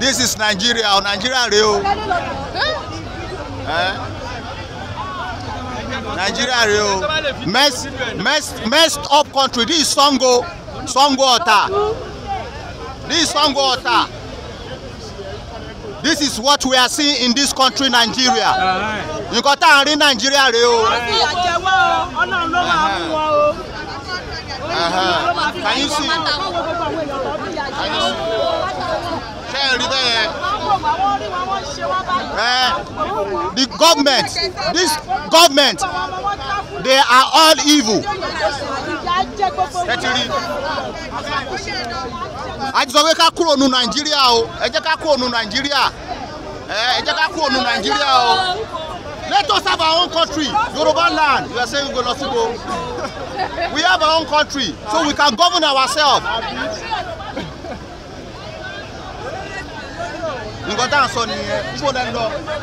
this is Nigeria o oh, Nigeria rèé o Nigeria rèé o mess mess messed up country this is Sango Sango Ọ̀tà this is Sango Ọ̀tà. This is what we are seeing in this country Nigeria nǹkan tá à ń rí Nigeria rèé o. Can you see? Can you see? rí bẹ́ẹ̀. the government this government they are all evil. a ti sọ pé ká kúrò nu nàìjíríà o ẹ jẹ́ ká kúrò nu nàìjíríà ẹ jẹ́ ká kúrò nu nàìjíríà o let us have our own country Yoruba land you are saying we go lọ síbo we have our own country so we can govern ourselves. nǹkan tá à ń sọ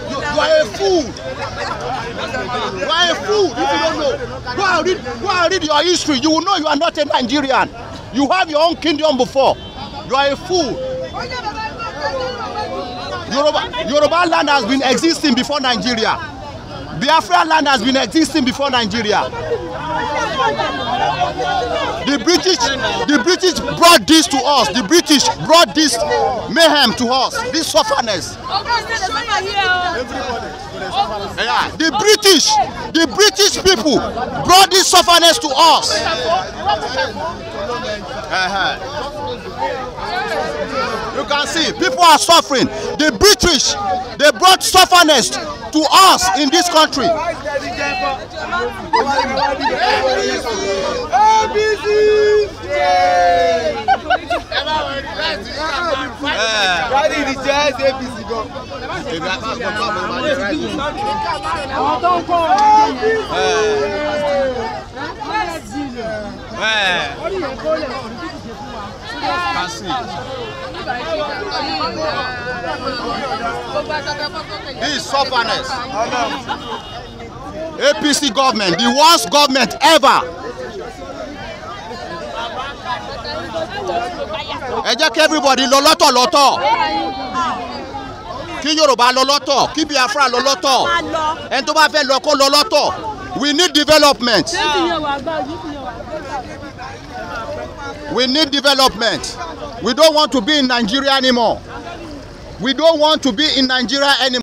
you are a fool you are a fool if you don't know go and read go and read your history you will know you are not a Nigerian you have your own kingdom before you are a fool Yoruba Yoruba land has been existing before Nigeria. Biafra land has been existing before Nigeria. The British, the British brought this to us. The British brought this mayhem to us, this sufferness. Yeah. The British, the British people brought this sufferness to us. Uh -huh can see people are suffering. The British, they brought sufferness to us in this country. èèyàn kó is stubbornness. APC government the worst government ever. ẹ everybody lọ lọ́tọ̀lọ́tọ̀ kí Yorùbá lọ lọ́tọ̀ kí Biafra lọ lọ́tọ̀ ẹni tó bá fẹ́ lọ we need development. Yeah. We need development. We don't want to be in Nigeria anymore. We don't want to be in Nigeria anymore.